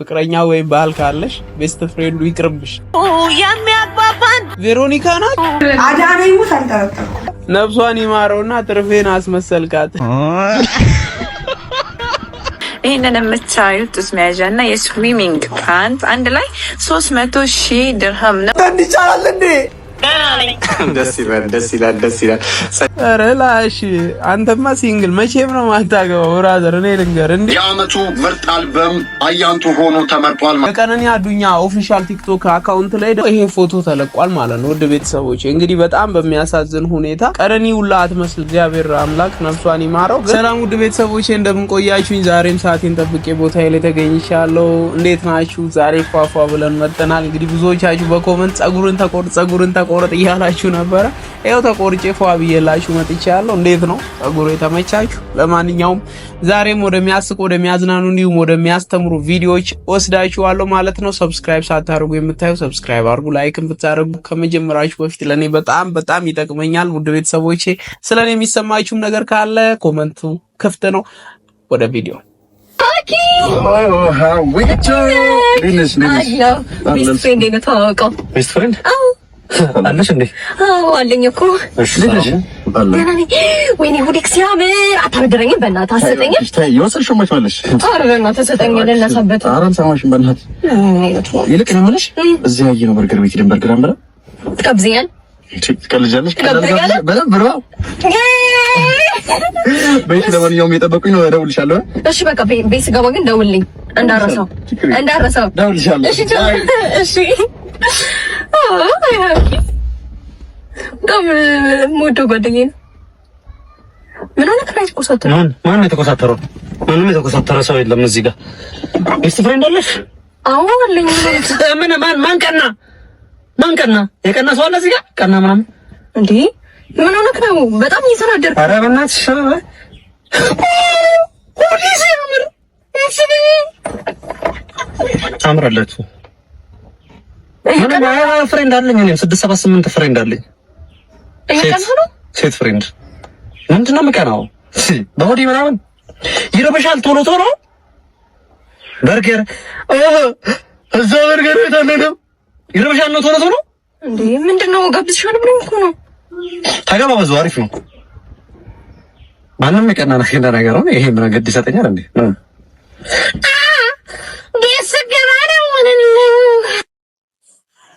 ፍቅረኛ ወይም ባል ካለሽ ቤስት ፍሬንዱ ይቅርብሽ። የሚያባባን ቬሮኒካ ናት። አዳነኝ ሳልጠረጠርኩ ነብሷን ይማረውና ትርፌን አስመሰልካት። ይህንን የምታዩት ጡት መያዣ እና የስዊሚንግ ፓንት አንድ ላይ ሶስት መቶ ሺህ ድርሃም ነው። ይቻላል እንዴ? ደስ ይላል፣ ደስ ይላል፣ ደስ ይላል። ኧረ አንተማ ሲንግል መቼም ነው ማታገባው ብራዘር። እኔ ልንገርህ እንደ የዓመቱ ምርጥ አልበም አያንቱ ሆኖ ተመርጧል። የቀነኒ አዱኛ ኦፊሻል ቲክቶክ አካውንት ላይ ይሄ ፎቶ ተለቋል ማለት ነው። ውድ ቤተሰቦች እንግዲህ በጣም በሚያሳዝን ሁኔታ ቀነኒ ውላ አትመስል። እግዚአብሔር አምላክ ነፍሷን ይማረው። ሰላም ውድ ቤተሰቦች እንደምንቆያችሁኝ፣ ዛሬም ሰዓቴን ጠብቄ ቦታ ላይ ተገኝቻለሁ። እንዴት ናችሁ? ዛሬ ፏፏ ብለን መጥተናል። እንግዲህ ብዙዎቻችሁ በኮመንት ጸጉርን ተቆርጥ ጸጉርን ተቆረጥ እያላችሁ ነበረ። ይኸው ተቆርጬ ፏ ብዬላችሁ መጥቻለሁ። እንዴት ነው ጸጉሩ የተመቻችሁ? ለማንኛውም ዛሬም ወደሚያስቅ ወደሚያዝናኑ፣ እንዲሁም ወደሚያስተምሩ ቪዲዮዎች ወስዳችኋለሁ ማለት ነው። ሰብስክራይብ ሳታደርጉ የምታዩ ሰብስክራይብ አድርጉ። ላይክም ብታደርጉ ከመጀመራችሁ በፊት ለእኔ በጣም በጣም ይጠቅመኛል። ውድ ቤተሰቦቼ ስለ እኔ የሚሰማችሁም ነገር ካለ ኮመንቱ ክፍት ነው። ወደ ቪዲዮ ታዋወቀው አለሽ እንዴ? አዎ አለኝ እኮ። ወይኔ ጉዴ ሲያምር አታበድረኝም? በእናትህ የወሰድሽው መች ኧረ በእናትህ ኧረ አልሰማሽም። በእናትህ ይልቅ ነው የምልሽ እዚህ ያየነው በርገር ቤት ሄደን በርገር አንበላ። ቤት ለማንኛውም እየጠበቁኝ ነው። እደውልልሻለሁ። እሺ በቃ ቤት ስገባ ግን ደውልልኝ፣ እደውልልሻለሁ። እሺ እሺ በጣም የምወደው ጓደኛዬ ነው። ምን ሆነህ ነው የተኮሳተረው? ማን ማን ነው የተኮሳተረው? ምንም የተኮሳተረ ሰው የለም እዚህ ጋር። ቤስት ፍሬንድ አለሽ? አዎ አለኝ። ምን ማን ማን ቀና? ማን ቀና? የቀና ሰው አለ እዚህ ጋር ቀና ምናምን? እንዴ ምን ሆነህ ነው? በጣም እየተናደድክ። ኧረ በእናትሽ ሸበበ ሁሉ ሲያምር ፍሬንድ አለኝ። እኔም ስድስት ሰባት ስምንት ፍሬንድ አለኝ። ሴት ፍሬንድ ምንድን ነው የምቀናው? በሆዴ ምናምን ይረበሻል። ቶሎ ቶሎ በርገር እዛ በርገር ቤት አለ ነው ይረበሻል። ነው ቶሎ ቶሎ ምንድን ነው ጋብዝ ሻል እኮ ነው ታገባ። በዙ አሪፍ ነው። ማንም የቀና ነገር ነገር ነው ይሄ ምን ገድ ይሰጠኛል እንዴ?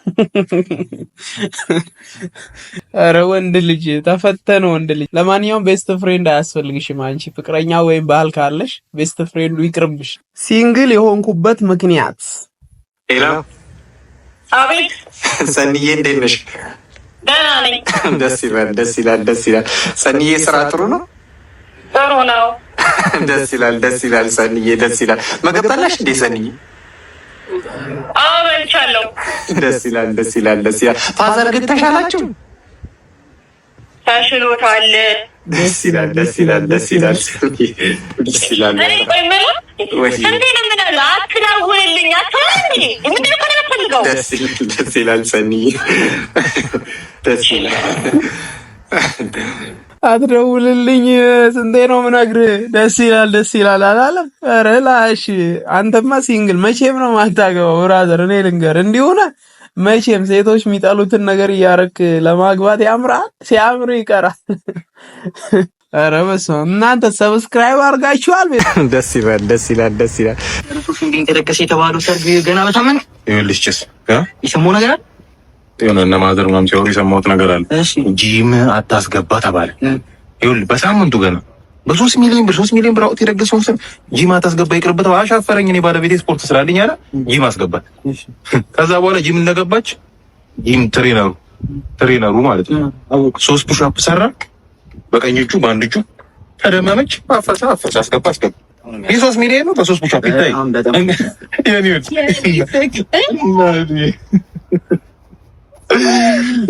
ኧረ ወንድ ልጅ ተፈተነ። ወንድ ልጅ ለማንኛውም ቤስት ፍሬንድ አያስፈልግሽም። አንቺ ፍቅረኛ ወይም ባህል ካለሽ ቤስት ፍሬንዱ ይቅርብሽ። ሲንግል የሆንኩበት ምክንያት ሌላ። አቤት ሰንዬ፣ እንዴት ነሽ? ደህና ነኝ። ደስ ይላል፣ ደስ ይላል፣ ደስ ይላል። ሰንዬ ስራ ጥሩ ነው? ጥሩ ነው። ደስ ይላል፣ ደስ ይላል። ሰንዬ ደስ ይላል። መገብታላሽ እንዴ ሰንዬ አበልቻለሁ። ደስ ይላል፣ ደስ ይላል፣ ደስ ይላል። ፋዘር ግን ተሻላችሁ? ተሽሎታል። ደስ ይላል፣ ደስ ይላል፣ ደስ ይላል፣ ደስ ይላል። ደስ ይላል፣ ደስ ይላል። አትደውልልኝ። ስንቴ ነው ምነግርህ? ደስ ይላል ደስ ይላል አላለም? ኧረ ላሽ አንተማ ሲንግል መቼም ነው ማታገባው። ብራዘር እኔ ልንገር እንዲሆነ መቼም ሴቶች የሚጠሉትን ነገር እያረክ ለማግባት ያምራል፣ ሲያምር ይቀራል። ኧረ በስመ አብ እናንተ ሰብስክራይብ አድርጋችኋል። ደስ ይላል ደስ ይላል ደስ ይላል። ተደቀሰ የተባለው ሰርግ ገና በሳምንት ይኸውልሽ ጭስ ይሰማው ነገር የሆነ እነ ማዘር ምናምን ሲወሩ የሰማሁት ነገር አለ። ጂም አታስገባ ተባለ። ይኸውልህ በሳምንቱ ገና በሶስት ሚሊዮን ብር ሶስት ሚሊዮን ብር አውጥተህ የደገሰውን ስር ጂም አታስገባ ይቅርበት። አሻፈረኝ። እኔ ባለቤቴ ስፖርት ስላለኝ አለ ጂም አስገባት። ከዛ በኋላ ጂም እንደገባች ጂም ትሬነሩ ትሬነሩ ማለት ነው ሶስት ፑሽአፕ ሰራ በቀኝ እጁ በአንድ እጁ ተደመመች። አፈሳ አፈሳ አስገባ አስገባ ይህ ሶስት ሚሊዮን ነው በሶስት ፑሽአፕ ይታይ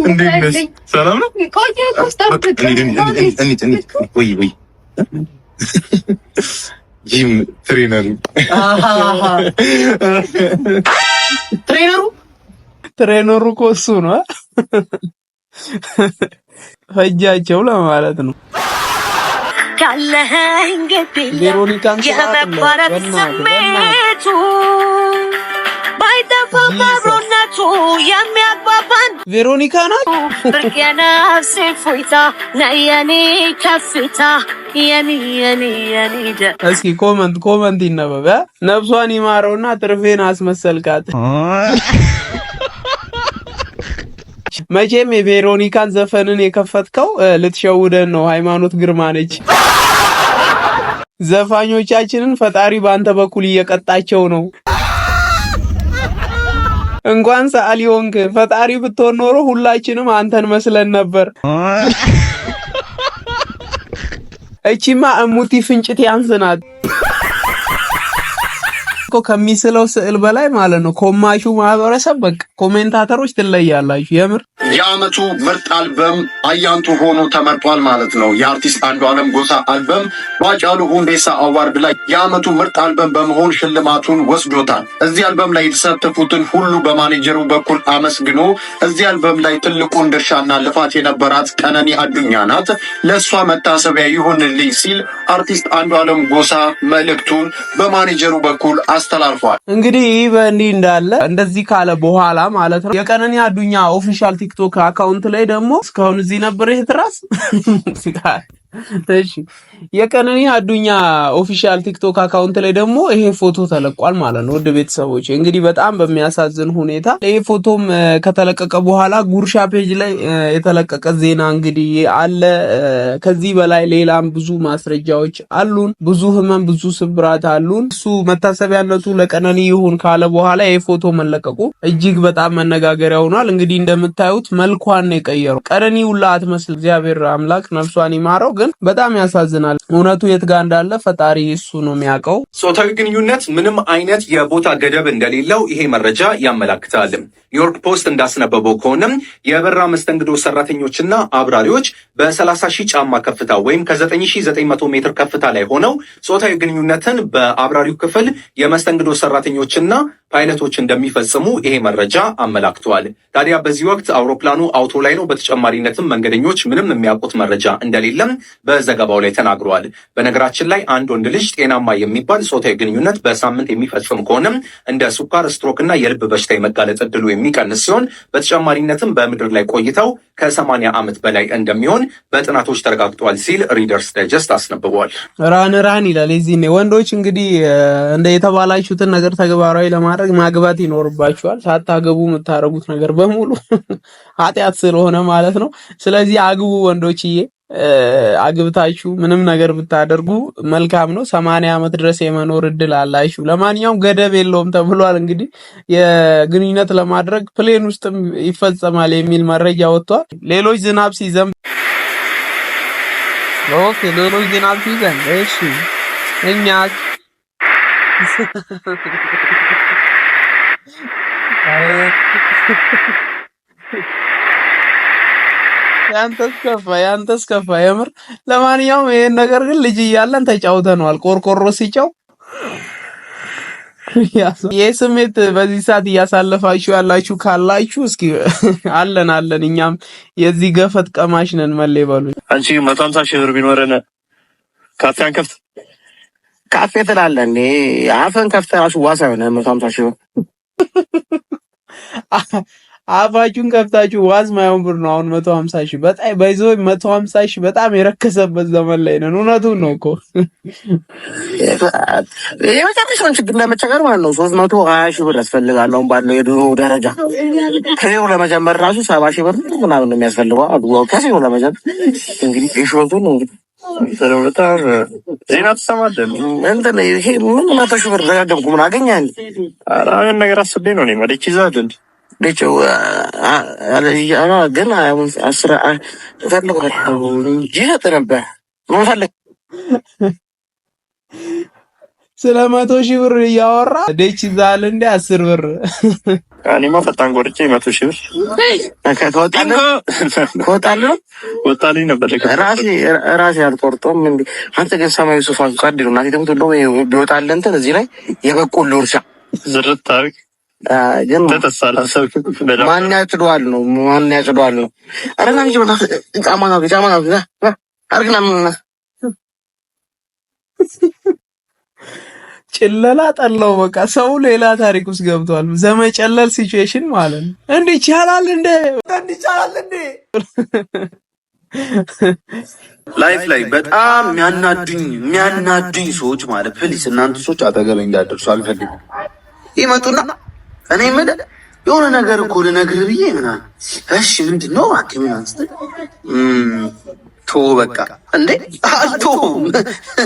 እንዴት ነሽ? ሰላም ነው? ቆይ ቆይ ጂም ትሬነሩ ትሬነሩ ትሬነሩ እኮ እሱ ነው። ፈጃቸው ለማለት ነው። ቬሮኒካን ስሜቱ ባይጠፋ እውነቱ የሚያግባባን ቬሮኒካ ናት። ብርቅ የነፍሴ ፎይታ ለየኔ ከፍታ እስኪ ኮመንት ኮመንት ይነበብ። ነብሷን ይማረውና ትርፌን አስመሰልካት። መቼም የቬሮኒካን ዘፈንን የከፈትከው ልትሸውደን ነው። ሃይማኖት ግርማ ነች። ዘፋኞቻችንን ፈጣሪ በአንተ በኩል እየቀጣቸው ነው። እንኳን ሰዓሊ ሆንክ። ፈጣሪ ብትሆን ኖሮ ሁላችንም አንተን መስለን ነበር። እቺማ እሙቲ ፍንጭት ያንስናት። እኮ ከሚስለው ስዕል በላይ ማለት ነው። ኮማሹ ማህበረሰብ በቃ ኮሜንታተሮች ትለያላችሁ። የምር የአመቱ ምርጥ አልበም አያንቱ ሆኖ ተመርጧል ማለት ነው። የአርቲስት አንዱ አለም ጎሳ አልበም በአጫሉ ሁንዴሳ አዋርድ ላይ የአመቱ ምርጥ አልበም በመሆን ሽልማቱን ወስዶታል። እዚህ አልበም ላይ የተሳተፉትን ሁሉ በማኔጀሩ በኩል አመስግኖ እዚህ አልበም ላይ ትልቁን ድርሻና ልፋት የነበራት ቀነኒ አዱኛ ናት፣ ለእሷ መታሰቢያ ይሁንልኝ ሲል አርቲስት አንዱ አለም ጎሳ መልእክቱን በማኔጀሩ በኩል አስተላልፏል። እንግዲህ ይህ በእንዲህ እንዳለ እንደዚህ ካለ በኋላ ማለት ነው የቀነኒ አዱኛ ኦፊሻል ቲክቶክ አካውንት ላይ ደግሞ እስካሁን እዚህ ነበር ይህ ትራስ የቀነኒ አዱኛ ኦፊሻል ቲክቶክ አካውንት ላይ ደግሞ ይሄ ፎቶ ተለቋል ማለት ነው። ውድ ቤተሰቦች እንግዲህ በጣም በሚያሳዝን ሁኔታ ይሄ ፎቶም ከተለቀቀ በኋላ ጉርሻ ፔጅ ላይ የተለቀቀ ዜና እንግዲህ አለ። ከዚህ በላይ ሌላም ብዙ ማስረጃዎች አሉን። ብዙ ህመም፣ ብዙ ስብራት አሉን። እሱ መታሰቢያነቱ ለቀነኒ ይሁን ካለ በኋላ ይሄ ፎቶ መለቀቁ እጅግ በጣም መነጋገሪያ ሆኗል። እንግዲህ እንደምታዩት መልኳን የቀየረው ቀነኒ ውላ አትመስል። እግዚአብሔር አምላክ ነፍሷን ይማረው። ግን በጣም ያሳዝናል። ይሆናል። እውነቱ የት ጋር እንዳለ ፈጣሪ እሱ ነው የሚያውቀው። ጾታዊ ግንኙነት ምንም አይነት የቦታ ገደብ እንደሌለው ይሄ መረጃ ያመላክታል። ኒውዮርክ ፖስት እንዳስነበበው ከሆነም የበራ መስተንግዶ ሰራተኞችና አብራሪዎች በ30 ሺህ ጫማ ከፍታ ወይም ከ9900 ሜትር ከፍታ ላይ ሆነው ጾታዊ ግንኙነትን በአብራሪው ክፍል የመስተንግዶ ሰራተኞችና ፓይለቶች እንደሚፈጽሙ ይሄ መረጃ አመላክቷል ታዲያ በዚህ ወቅት አውሮፕላኑ አውቶ ላይ ነው። በተጨማሪነትም መንገደኞች ምንም የሚያውቁት መረጃ እንደሌለም በዘገባው ላይ ተናግረዋል። ተናግረዋል። በነገራችን ላይ አንድ ወንድ ልጅ ጤናማ የሚባል ጾታዊ ግንኙነት በሳምንት የሚፈጽም ከሆነም እንደ ሱኳር፣ ስትሮክ እና የልብ በሽታ የመጋለጥ እድሉ የሚቀንስ ሲሆን በተጨማሪነትም በምድር ላይ ቆይተው ከሰማንያ ዓመት በላይ እንደሚሆን በጥናቶች ተረጋግጧል ሲል ሪደርስ ዳይጀስት አስነብቧል። ራን ራን ይላል። የዚህ ወንዶች እንግዲህ እንደ የተባላችሁትን ነገር ተግባራዊ ለማድረግ ማግባት ይኖርባችኋል። ሳታገቡ የምታደርጉት ነገር በሙሉ ኃጢአት ስለሆነ ማለት ነው። ስለዚህ አግቡ ወንዶችዬ። አግብታችሁ ምንም ነገር ብታደርጉ መልካም ነው። ሰማንያ ዓመት ድረስ የመኖር እድል አላችሁ። ለማንኛውም ገደብ የለውም ተብሏል። እንግዲህ የግንኙነት ለማድረግ ፕሌን ውስጥም ይፈጸማል የሚል መረጃ ወጥቷል። ሌሎች ዝናብ ሲዘንብ ኦኬ፣ ሌሎች ዝናብ ሲዘንብ እሺ፣ እኛ ያንተስ ከፋ፣ ያንተስ ከፋ የምር። ለማንኛውም ይሄን ነገር ግን ልጅ እያለን ተጫውተነዋል። ቆርቆሮ ሲጫው ይህ ስሜት በዚህ ሰዓት እያሳለፋችሁ ያላችሁ ካላችሁ እስኪ አለን አለን፣ እኛም የዚህ ገፈት ቀማሽ ነን። መሌ በሉ አንቺ መቶ ሀምሳ ሺህ ብር ቢኖረን ካፌ አንከፍት ካፌ ትላለህ አፈን ከፍተህ ራሱ ዋሳ የሆነ መቶ ሀምሳ ሺህ ብር አፋችሁን ከፍታችሁ ዋዝ ማየውን ብር ነው። አሁን መቶ ሀምሳ ሺህ በጣም ባይዞ መቶ ሀምሳ ሺህ በጣም የረከሰበት ዘመን ላይ ነን። እውነቱን ነው እኮ የመጨረሻውን ችግር ለመቸገር ማለት ነው። ሶስት መቶ ሀያ ሺህ ብር ያስፈልጋል አሁን ባለው የድሮ ደረጃ። ከሬው ለመጀመር ራሱ ሰባ ሺህ ብር ምናምን የሚያስፈልገው አሉ። ከሬው ለመጀመር እንግዲህ ነው እንግዲህ ስለሁለታር ዜና ትሰማለህ። ይሄ ምን መቶ ሺህ ብር ደጋገምኩ ምን አገኛል? ኧረ ነገር አስቤ ነው እኔ መደች ይዛል ልጭው ስለ መቶ ብር እያወራ ደች ዛል እንደ አስር ብር እኔማ ፈጣን ጎርጬ መቶ ሺህ ብር ወጣልኝ ነበር። ራሴ ራሴ አልቆርጦም። አንተ ግን ነው እናቴ ደግሞ ቢወጣልህ እንትን እዚህ ላይ የበቆሎ እርሻ ዝርት ታሪክ ግን ማን ያጭደዋል ነው? ማን ያጭደዋል ነው? አረና ልጅ በጣም ጫማ ነው ጫማ ነው አርግና ጭለላ ጠላው። በቃ ሰው ሌላ ታሪክ ውስጥ ገብቷል። ዘመጨለል ሲቹዌሽን ማለት ነው። እንዲህ ይቻላል እንዴ? እንዲህ ይቻላል እንዴ? ላይፍ ላይ በጣም የሚያናዱኝ የሚያናዱኝ ሰዎች ማለት ፕሊስ፣ እናንተ ሰዎች አጠገበኝ እንዳደርሱ አልፈልግም። ይመጡና እኔ የምልህ የሆነ ነገር እኮ ልነግርህ ብዬ ምናምን። እሺ ምንድን ነው ሐኪም ቶ በቃ እንዴ አቶ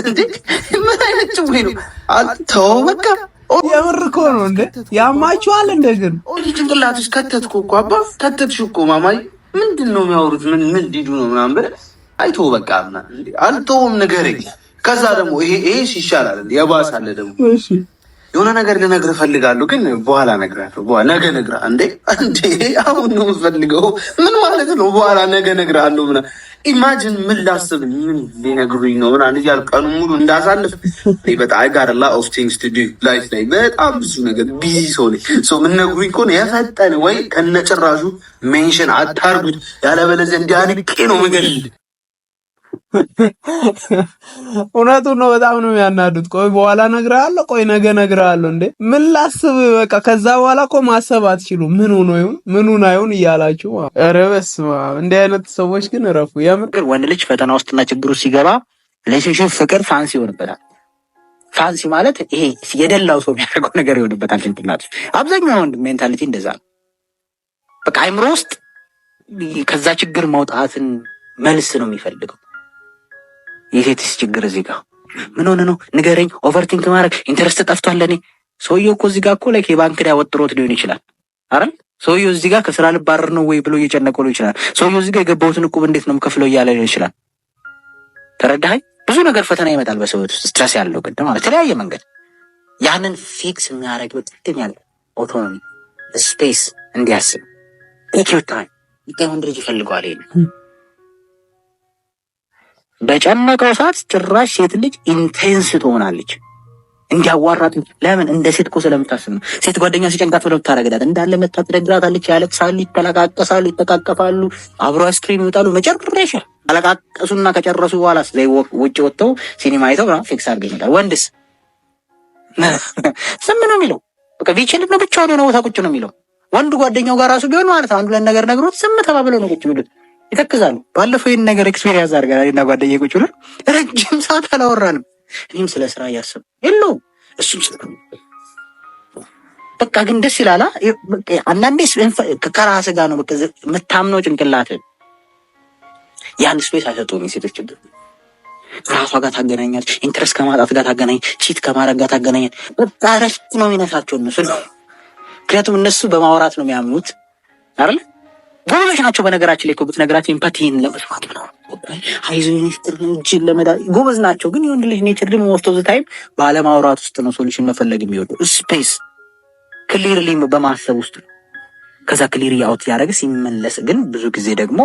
እንዴ ምን አይነት ጭዌ ነው? አልቶ በቃ የምር እኮ ነው እንዴ ያማችኋል። እንደ ግን ጭንቅላትሽ ከተትኩ እኮ አባ ከተትሽ እኮ ማማይ ምንድን ነው የሚያወሩት? ምን ምን ሊዱ ነው ምናምን ብለህ አይቶ በቃ አልተውም ንገረኝ። ከዛ ደግሞ ይሄ ይሄ ይሻላል የባሰ አለ ደግሞ የሆነ ነገር ልነግርህ እፈልጋለሁ፣ ግን በኋላ እነግርሃለሁ። ነገ እነግርሃለሁ። እንዴ እንዴ አሁን ነው የምፈልገው? ምን ማለት ነው? በኋላ ነገ እነግርሃለሁ ምናምን። ኢማጅን ምን ላስብ፣ ምን ሊነግሩኝ ነው ምናምን እያልኩ ቀኑን ሙሉ እንዳሳልፍ በጣም ጋርላ ኦፍ ቲንግስ ቱ ዱ ላይፍ ላይ በጣም ብዙ ነገር ቢዚ ሰው ነኝ። ሰው የምነግሩኝ ከሆነ የፈጠን ወይ ከነጭራሹ ሜንሽን አታርጉት፣ ያለበለዚያ እንዲያንቄ ነው ምገል እውነቱን ነው። በጣም ነው የሚያናዱት። ቆይ በኋላ እነግርሃለሁ። ቆይ ነገ እነግርሃለሁ። እንዴ ምን ላስብ? በቃ ከዛ በኋላ እኮ ማሰብ አትችሉ። ምኑ ነው ይሁን ምኑን አይሁን እያላችሁ። ኧረ በስመ አብ! እንዲህ አይነት ሰዎች ግን እረፉ። የምር ወንድ ልጅ ፈተና ውስጥና ችግሩ ሲገባ ሪሌሽንሽፕ፣ ፍቅር፣ ፋንሲ ይሆንበታል። ፋንሲ ማለት ይሄ የደላው ሰው የሚያደርገው ነገር ይሆንበታል። ትንትናት አብዛኛው ወንድ ሜንታሊቲ እንደዛ ነው። በቃ አይምሮ ውስጥ ከዛ ችግር መውጣትን መልስ ነው የሚፈልገው የሴትስ ችግር እዚህ ጋር ምን ሆነ ነው ንገረኝ። ኦቨርቲንክ ማድረግ ኢንተረስት ጠፍቷል። ለኔ ሰውየው እኮ እዚህ ጋር እኮ ላይክ የባንክ ላይ ወጥሮት ሊሆን ይችላል አይደል? ሰውየው እዚህ ጋር ከስራ ልባረር ነው ወይ ብሎ እየጨነቀ ሊሆን ይችላል። ሰውየው እዚህ ጋር የገባሁትን እቁብ እንዴት ነው ከፍለው እያለ ሊሆን ይችላል። ተረዳኸኝ? ብዙ ነገር ፈተና ይመጣል በሰው ውስጥ ስትረስ ያለው ቅድ ማለት የተለያየ መንገድ ያንን ፊክስ የሚያደርግ በጥቅም ያለ ኦቶኖሚ ስፔስ እንዲያስብ ኢትዮታ ሊቀ ወንድ ልጅ ይፈልገዋል ይሄ በጨመቀው ሰዓት ጭራሽ ሴት ልጅ ኢንቴንስ ትሆናለች። እንዲያዋራት ለምን እንደ ሴት እኮ ስለምታስብ ነው። ሴት ጓደኛ ሲጨንቃት ብለው ታረግዳት እንዳለ መታ ትደግራታለች። ያለቅሳሉ፣ ይተለቃቀሳሉ፣ ይተቃቀፋሉ፣ አብሮ አይስክሪም ይወጣሉ። መጨረሻ አለቃቀሱና ከጨረሱ በኋላ ውጭ ወጥተው ሲኒማ አይተው ፊክስ አድርገው ይመጣል። ወንድስ ስም ነው የሚለው። በቃ ቢችል ነው ብቻውን የሆነ ቦታ ቁጭ ነው የሚለው። ወንድ ጓደኛው ጋር ራሱ ቢሆን ማለት አንዱ ለን ነገር ነግሮት ስም ተባብለው ነው ቁጭ የሚሉት። ይተክዛሉ። ባለፈው ይህን ነገር ኤክስፔሪንስ አድርገናል እና ጓደኛዬ ቁጭ ብለን ረጅም ሰዓት አላወራንም። እኔም ስለ ስራ እያሰብ የለውም እሱም ስለ በቃ ግን ደስ ይላላ። አንዳንዴ ከራስ ጋር ነው የምታምነው ጭንቅላት ያን ስፔስ አይሰጡም። ሴቶች ራሷ ጋር ታገናኛል፣ ኢንትረስት ከማጣት ጋር ታገናኝ፣ ቺት ከማድረግ ጋር ታገናኛል። በቃ ረፍት ነው የሚነሳቸው እነሱ ነው። ምክንያቱም እነሱ በማውራት ነው የሚያምኑት አይደል ጎበዞች ናቸው። በነገራችን ላይ ብትነግራቸው ኤምፓቲ ይህን ለመስማት ነው አይዞሽ እጅን ለመዳ ጎበዝ ናቸው። ግን የወንድ ልጅ ኔቸር ደግሞ ሞስት ኦፍ ዘ ታይም ባለማውራት ውስጥ ነው ሶሉሽን መፈለግ የሚወደው ስፔስ ክሊርሊ በማሰብ ውስጥ ነው። ከዛ ክሊር ያውት ያደረገ ሲመለስ ግን ብዙ ጊዜ ደግሞ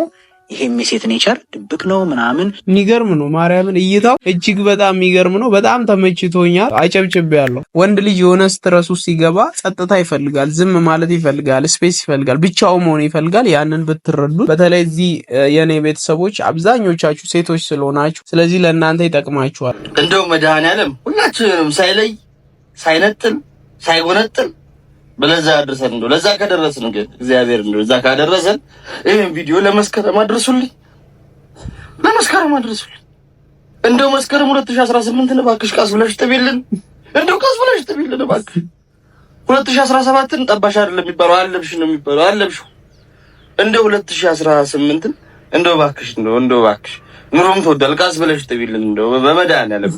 ይሄ የሴት ኔቸር ድብቅ ነው ምናምን የሚገርም ነው። ማርያምን እይታው እጅግ በጣም የሚገርም ነው። በጣም ተመችቶኛል። አጨብጭብ ያለው ወንድ ልጅ የሆነ ስትረሱ ሲገባ ጸጥታ ይፈልጋል፣ ዝም ማለት ይፈልጋል፣ ስፔስ ይፈልጋል፣ ብቻው መሆን ይፈልጋል። ያንን ብትረዱት በተለይ እዚህ የእኔ ቤተሰቦች አብዛኞቻችሁ ሴቶች ስለሆናችሁ ስለዚህ ለእናንተ ይጠቅማችኋል። እንደው መድኃኔዓለም ሁላችንም ሳይለይ ሳይነጥል ሳይጎነጥል በለዛ ያደረሰን እንደው ለዛ ከደረስን ግን እግዚአብሔር እንደው ለዛ ካደረሰን ይሄን ቪዲዮ ለመስከረም አድርሱልኝ፣ ለመስከረም አድርሱልኝ። እንደው መስከረም 2018 እባክሽ ቀስ ብለሽ ጥቢልን፣ እንደው ቀስ ብለሽ ጥቢልን እባክሽ። 2017ን ጠባሽ አይደለም የሚባለው አለብሽ ነው የሚባለው አለብሽ። እንደው 2018 እንደው እባክሽ እንደው እንደው እባክሽ ኑሮም ተወዷል። ቃስ ብለሽ ጥቢልን እንደው በመድኃኒዓለም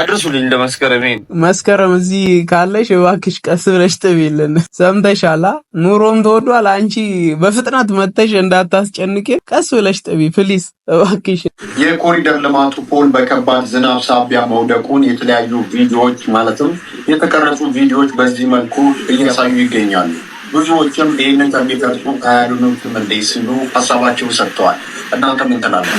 አድርሱልኝ። እንደ መስከረም ይሄን መስከረም እዚህ ካለሽ እባክሽ ቀስ ብለሽ ጥቢልን። ሰምተሻላ? ኑሮም ተወዷል። አንቺ በፍጥነት መተሽ እንዳታስጨንቂ ቀስ ብለሽ ጥቢ ፕሊስ፣ እባክሽ። የኮሪደር ልማቱ ፖል በከባድ ዝናብ ሳቢያ መውደቁን የተለያዩ ቪዲዮዎች ማለትም የተቀረጹ ቪዲዮዎች በዚህ መልኩ እያሳዩ ይገኛሉ። ብዙዎችም ይህንን ከያሉ አያድኑትም መለይ ሲሉ ሀሳባቸው ሰጥተዋል። እናንተ ምን ትላላችሁ?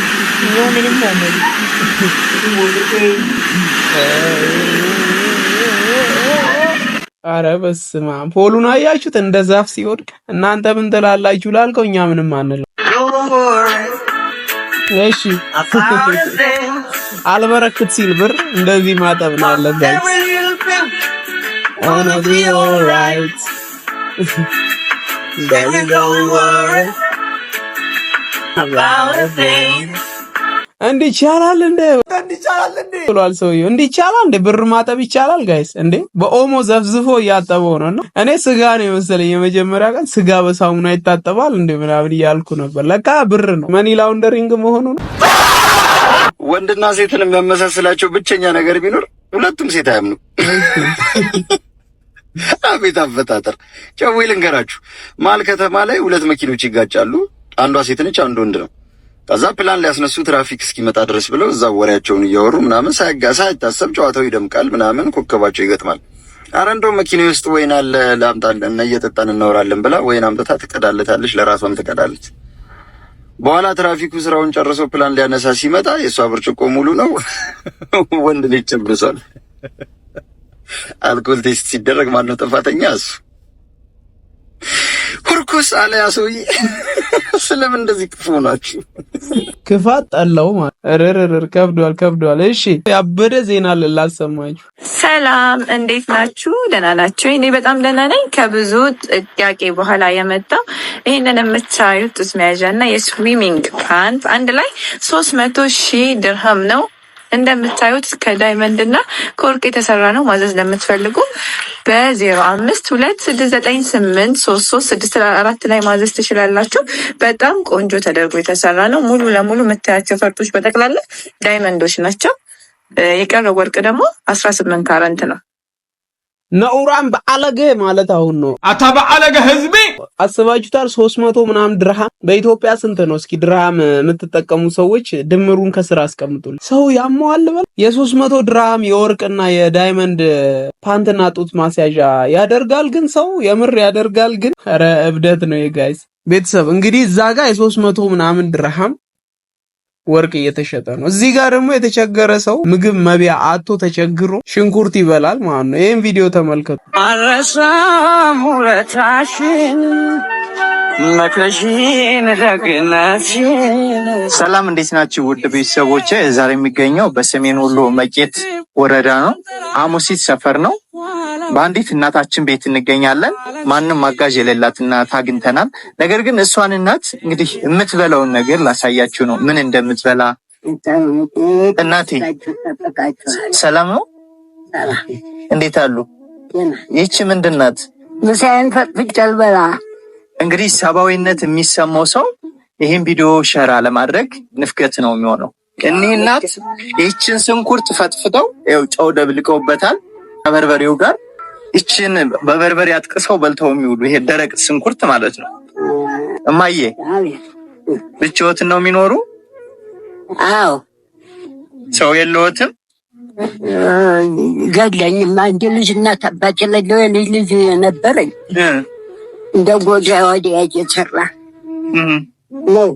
አረ በስመ አብ ፖሉን አያችሁት? እንደ ዛፍ ሲወድቅ እናንተ ምን ትላላችሁ ላልከው እኛ ምንም አንለው። እሺ አልበረክት ሲል ብር እንደዚህ ማጠብ ነው አለባችሁ። እንዴ ይቻላል እንዴ ብሏል ሰውዬው። እንዴ ይቻላል እንዴ ብር ማጠብ ይቻላል ጋይስ። እንዴ በኦሞ ዘፍዝፎ እያጠበው ነው ነው እኔ ስጋ ነው የመሰለኝ የመጀመሪያ ቀን ስጋ በሳሙና ይታጠባል እንዴ ምናምን እያልኩ ነበር። ለካ ብር ነው መኒ ላውንደሪንግ መሆኑ ነው። ወንድና ሴትን የሚያመሳስላቸው ብቸኛ ነገር ቢኖር ሁለቱም ሴት አያምኑ አቤት አፈጣጠር ጨዌ ልንገራችሁ። መሀል ከተማ ላይ ሁለት መኪኖች ይጋጫሉ። አንዷ ሴት ነች፣ አንዱ ወንድ ነው። ከዛ ፕላን ሊያስነሱ ትራፊክ እስኪመጣ ድረስ ብለው እዛ ወሬያቸውን እያወሩ ምናምን ሳይታሰብ ጨዋታው ይደምቃል፣ ምናምን ኮከባቸው ይገጥማል። አረ እንደው መኪና ውስጥ ወይን አለ ላምጣለን እና እየጠጣን እናወራለን ብላ ወይን አምጥታ ትቀዳለታለች፣ ለራሷም ትቀዳለች። በኋላ ትራፊኩ ስራውን ጨርሶ ፕላን ሊያነሳ ሲመጣ የእሷ ብርጭቆ ሙሉ ነው፣ ወንድ ልጅ ጨብርሷል። አልኮል ቴስት ሲደረግ ነው ጥፋተኛ? እሱ ሁርኩስ አለያ ሰውዬ። ስለምን እንደዚህ ክፉ ናችሁ? ክፋት ጠላው ማለት ከብዷል፣ ከብዷል። እሺ ያበደ ዜና አለ ሰላም እንዴት ናችሁ? ደህና ናችሁ? እኔ በጣም ደህና ነኝ። ከብዙ ጥያቄ በኋላ የመጣው ይህንን የምታዩት ጡት መያዣ እና የስዊሚንግ ፓንት አንድ ላይ ሶስት መቶ ሺህ ድርሃም ነው እንደምታዩት ከዳይመንድ እና ከወርቅ የተሰራ ነው። ማዘዝ ለምትፈልጉ በ አምስት ላይ ማዘዝ ትችላላችሁ። በጣም ቆንጆ ተደርጎ የተሰራ ነው። ሙሉ ለሙሉ የምታያቸው ፈርጦች በጠቅላላ ዳይመንዶች ናቸው። የቀረው ወርቅ ደግሞ 18 ካረንት ነው። ነውራን በአለገ ማለት አሁን ነው። አታ በአለገ ህዝቤ አስባችሁታል? ሶስት መቶ ምናምን ድርሃም በኢትዮጵያ ስንት ነው? እስኪ ድርሃም የምትጠቀሙ ሰዎች ድምሩን ከስራ አስቀምጡልኝ። ሰው ያመዋል በል። የሶስት መቶ ድርሃም የወርቅና የዳይመንድ ፓንትና ጡት ማስያዣ ያደርጋል። ግን ሰው የምር ያደርጋል። ግን ረ እብደት ነው የጋይስ ቤተሰብ እንግዲህ እዛ ጋር የሶስት መቶ ምናምን ድርሃም ወርቅ እየተሸጠ ነው። እዚህ ጋር ደግሞ የተቸገረ ሰው ምግብ መቢያ አቶ ተቸግሮ ሽንኩርት ይበላል ማለት ነው። ይህን ቪዲዮ ተመልከቱ። አረሳ ሙለታሽን ሰላም እንዴት ናችሁ? ውድ ቤተሰቦች፣ ዛሬ የሚገኘው በሰሜን ወሎ መቄት ወረዳ ነው፣ አሙሲት ሰፈር ነው። በአንዲት እናታችን ቤት እንገኛለን። ማንም አጋዥ የሌላት እናት አግኝተናል። ነገር ግን እሷን እናት እንግዲህ የምትበላውን ነገር ላሳያችሁ ነው፣ ምን እንደምትበላ እናቴ። ሰላም ነው? እንዴት አሉ? ይቺ ምንድን ናት? ምሳዬን ፈጥፍጬ አልበላ እንግዲህ ሰብአዊነት የሚሰማው ሰው ይህን ቪዲዮ ሸራ ለማድረግ ንፍገት ነው የሚሆነው። እኒህ እናት ይችን ስንኩርት ፈጥፍተው ው ጨው ደብልቀውበታል ከበርበሬው ጋር ይችን በበርበሬ አጥቅሰው በልተው የሚውሉ ይሄ ደረቅ ስንኩርት ማለት ነው። እማዬ ብቻዎትን ነው የሚኖሩ? አዎ ሰው የለዎትም? ገድለኝም አንድ ልጅ እና ታባጭ የሌለው ልጅ ነበረኝ እንደ ጎጃ ወዲያ እየሰራ ነው።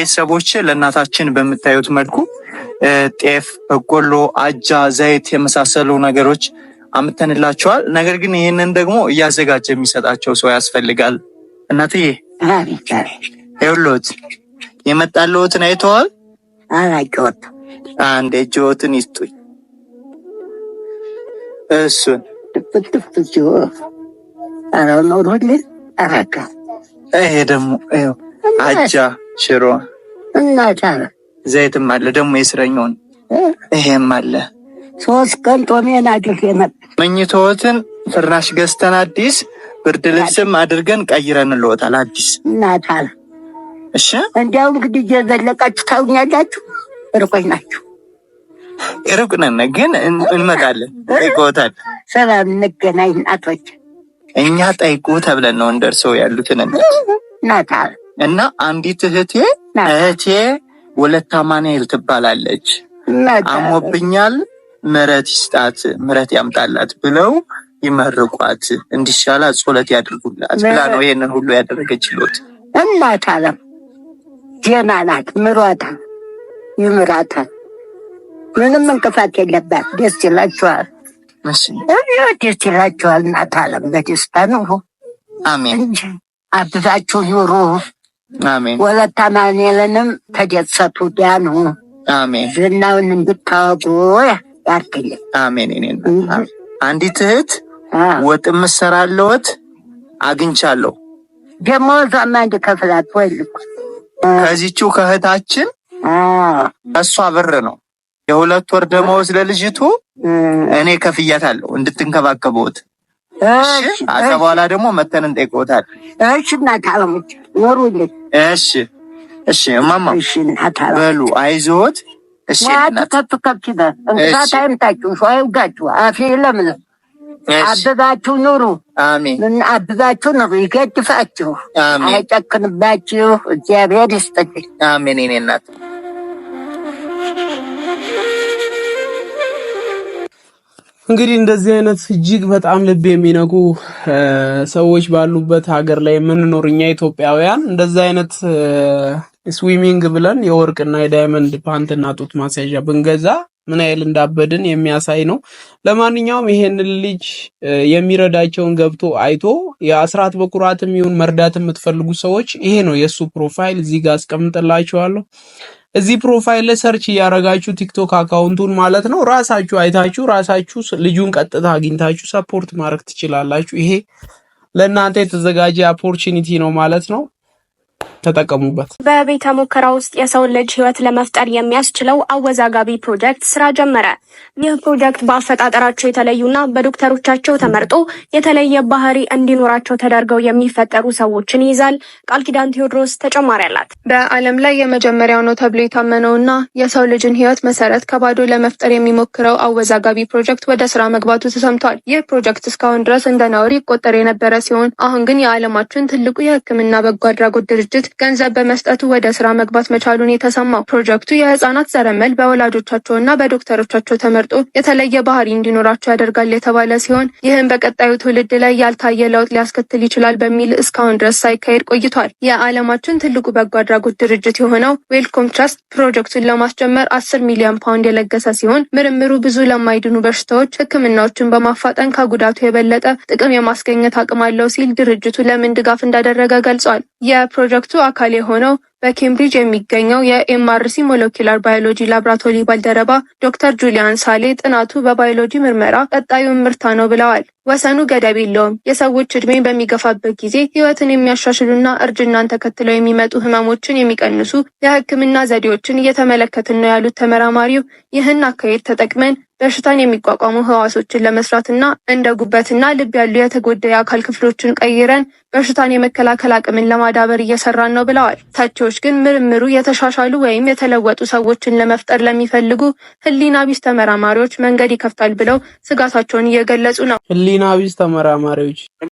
ቤተሰቦች ለእናታችን በምታዩት መልኩ ጤፍ፣ በቆሎ፣ አጃ፣ ዘይት የመሳሰሉ ነገሮች አምተንላቸዋል። ነገር ግን ይህንን ደግሞ እያዘጋጀ የሚሰጣቸው ሰው ያስፈልጋል። እናትዬ ይኸውልዎት የመጣልዎትን አይተዋል? አንድ እጅዎትን ይስጡኝ። እሱን ይሄ ደግሞ አጃ ሽሮ እና ጫና ዘይትም አለ ደግሞ የእስረኛውን ይሄም አለ። ሶስት ቀን ጦሜን አድርጌ መጣ። መኝቶትን ፍራሽ ገዝተን አዲስ ብርድ ልብስም አድርገን ቀይረን ልወጣል። አዲስ እናታል። እሺ እንዲያው እንግዲህ እየዘለቃችሁ ታውኛላችሁ። ርቆኝ ናችሁ። ሩቅ ነን ግን እንመጣለን። ጠይቆታል። ሰላም እንገናኝ እናቶች። እኛ ጠይቁ ተብለን ነው እንደርሰው ያሉትን እናታል እና አንዲት እህቴ እህቴ ወለታ ማንኤል ትባላለች አሞብኛል ምረት ይስጣት ምረት ያምጣላት ብለው ይመርቋት እንዲሻላ ጸሎት ያድርጉላት ብላ ነው ይሄንን ሁሉ ያደረገችሎት። እናት አለም ጀና ናት። ምሯታ ይምራታል። ምንም እንቅፋት የለባት። ደስ ይላቸዋል፣ ደስ ይላቸዋል። እናት አለም በደስታ ነው። አሜን። አብዛችሁ ኑሩ። ወለታ ማንኤልንም ተደሰቱ ዳንሁ ዝናውን እንድታወቁ ያርክልን። አሜን። አንዲት እህት ወጥ የምሰራለወት አግኝቻለሁ። ደግሞ ዛማ እንድከፍላት ከዚችው ከእህታችን እሷ ብር ነው የሁለት ወር ደመወዝ ለልጅቱ እኔ ከፍያታለሁ እንድትንከባከበውት አዛ በኋላ ደግሞ መተን እንጠይቀውታል። እሺ እናት አለሙች ወሩልኝ። እሺ እሺ እማማ በሉ አይዞት። እሺ ከፍ ከፍ ይበል። እንግዳት አይምጣችሁ፣ ሸዋ ይውጋችሁ። አፌ ለምለም አብባችሁ ኑሩ። አሜን። አብባችሁ ኑሩ። ይገድፋችሁ፣ አይጨክንባችሁ። እግዚአብሔር ይስጥልኝ። አሜን። እኔ እናት እንግዲህ እንደዚህ አይነት እጅግ በጣም ልብ የሚነኩ ሰዎች ባሉበት ሀገር ላይ የምንኖር እኛ ኢትዮጵያውያን እንደዚህ አይነት ስዊሚንግ ብለን የወርቅና የዳይመንድ ፓንትና ጡት ማስያዣ ብንገዛ ምን ያህል እንዳበድን የሚያሳይ ነው። ለማንኛውም ይሄንን ልጅ የሚረዳቸውን ገብቶ አይቶ የአስራት በኩራትም ይሁን መርዳት የምትፈልጉ ሰዎች ይሄ ነው የእሱ ፕሮፋይል እዚህ ጋር አስቀምጥላችኋለሁ። እዚህ ፕሮፋይል ላይ ሰርች እያደረጋችሁ ቲክቶክ አካውንቱን ማለት ነው ራሳችሁ አይታችሁ ራሳችሁ ልጁን ቀጥታ አግኝታችሁ ሰፖርት ማድረግ ትችላላችሁ። ይሄ ለእናንተ የተዘጋጀ ኦፖርቹኒቲ ነው ማለት ነው። ተጠቀሙበት። በቤተ ሙከራ ውስጥ የሰውን ልጅ ህይወት ለመፍጠር የሚያስችለው አወዛጋቢ ፕሮጀክት ስራ ጀመረ። ይህ ፕሮጀክት በአፈጣጠራቸው የተለዩና በዶክተሮቻቸው ተመርጦ የተለየ ባህሪ እንዲኖራቸው ተደርገው የሚፈጠሩ ሰዎችን ይይዛል። ቃል ኪዳን ቴዎድሮስ ተጨማሪ አላት። በዓለም ላይ የመጀመሪያው ነው ተብሎ የታመነውና የሰው ልጅን ህይወት መሰረት ከባዶ ለመፍጠር የሚሞክረው አወዛጋቢ ፕሮጀክት ወደ ስራ መግባቱ ተሰምቷል። ይህ ፕሮጀክት እስካሁን ድረስ እንደ ነውር ይቆጠር የነበረ ሲሆን አሁን ግን የዓለማችን ትልቁ የህክምና በጎ አድራጎት ድርጅት ገንዘብ በመስጠቱ ወደ ስራ መግባት መቻሉን የተሰማው ፕሮጀክቱ የህፃናት ዘረመል በወላጆቻቸውና በዶክተሮቻቸው ተመርጦ የተለየ ባህሪ እንዲኖራቸው ያደርጋል የተባለ ሲሆን ይህም በቀጣዩ ትውልድ ላይ ያልታየ ለውጥ ሊያስከትል ይችላል በሚል እስካሁን ድረስ ሳይካሄድ ቆይቷል። የዓለማችን ትልቁ በጎ አድራጎት ድርጅት የሆነው ዌልኮም ትራስት ፕሮጀክቱን ለማስጀመር አስር ሚሊዮን ፓውንድ የለገሰ ሲሆን ምርምሩ ብዙ ለማይድኑ በሽታዎች ህክምናዎችን በማፋጠን ከጉዳቱ የበለጠ ጥቅም የማስገኘት አቅም አለው ሲል ድርጅቱ ለምን ድጋፍ እንዳደረገ ገልጿል። የፕሮጀክቱ አካል የሆነው በኬምብሪጅ የሚገኘው የኤምአርሲ ሞለኪላር ባዮሎጂ ላብራቶሪ ባልደረባ ዶክተር ጁሊያን ሳሌ ጥናቱ በባዮሎጂ ምርመራ ቀጣዩ ምርታ ነው ብለዋል። ወሰኑ ገደብ የለውም። የሰዎች እድሜ በሚገፋበት ጊዜ ህይወትን የሚያሻሽሉና እርጅናን ተከትለው የሚመጡ ህመሞችን የሚቀንሱ የህክምና ዘዴዎችን እየተመለከትን ነው ያሉት ተመራማሪው ይህን አካሄድ ተጠቅመን በሽታን የሚቋቋሙ ህዋሶችን ለመስራትና እንደ ጉበትና ልብ ያሉ የተጎዳ የአካል ክፍሎችን ቀይረን በሽታን የመከላከል አቅምን ለማዳበር እየሰራን ነው ብለዋል። መረጃዎች ግን ምርምሩ የተሻሻሉ ወይም የተለወጡ ሰዎችን ለመፍጠር ለሚፈልጉ ህሊና ቢስ ተመራማሪዎች መንገድ ይከፍታል ብለው ስጋታቸውን እየገለጹ ነው። ህሊና ቢስ ተመራማሪዎች